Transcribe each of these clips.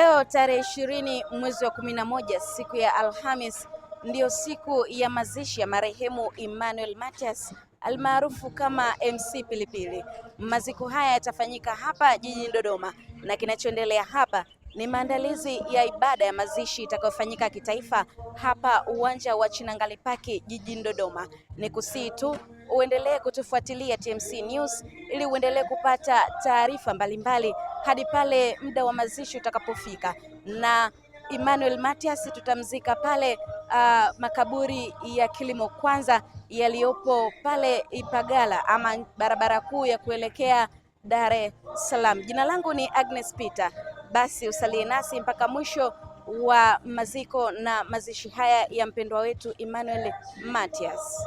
Leo tarehe ishirini mwezi wa kumi na moja siku ya Alhamis ndiyo siku ya mazishi ya marehemu Emmanuel Matias almaarufu kama MC Pilipili. Maziko haya yatafanyika hapa jijini Dodoma na kinachoendelea hapa ni maandalizi ya ibada ya mazishi itakayofanyika kitaifa hapa uwanja wa Chinangali Park jijini Dodoma. Ni kusii tu uendelee kutufuatilia TMC News ili uendelee kupata taarifa mbalimbali hadi pale muda wa mazishi utakapofika, na Emmanuel Matias tutamzika pale uh, makaburi ya Kilimo Kwanza yaliyopo pale Ipagala ama barabara kuu ya kuelekea Dar es Salaam. Jina langu ni Agnes Peter. Basi usalie nasi mpaka mwisho wa maziko na mazishi haya ya mpendwa wetu Emmanuel Matias.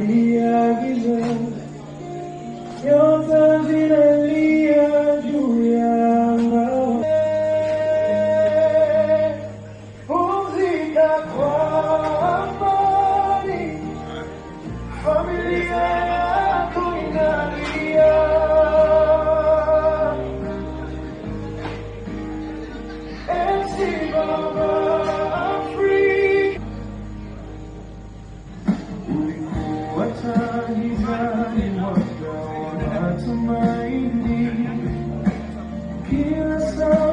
Maria Guilherme. Kira sa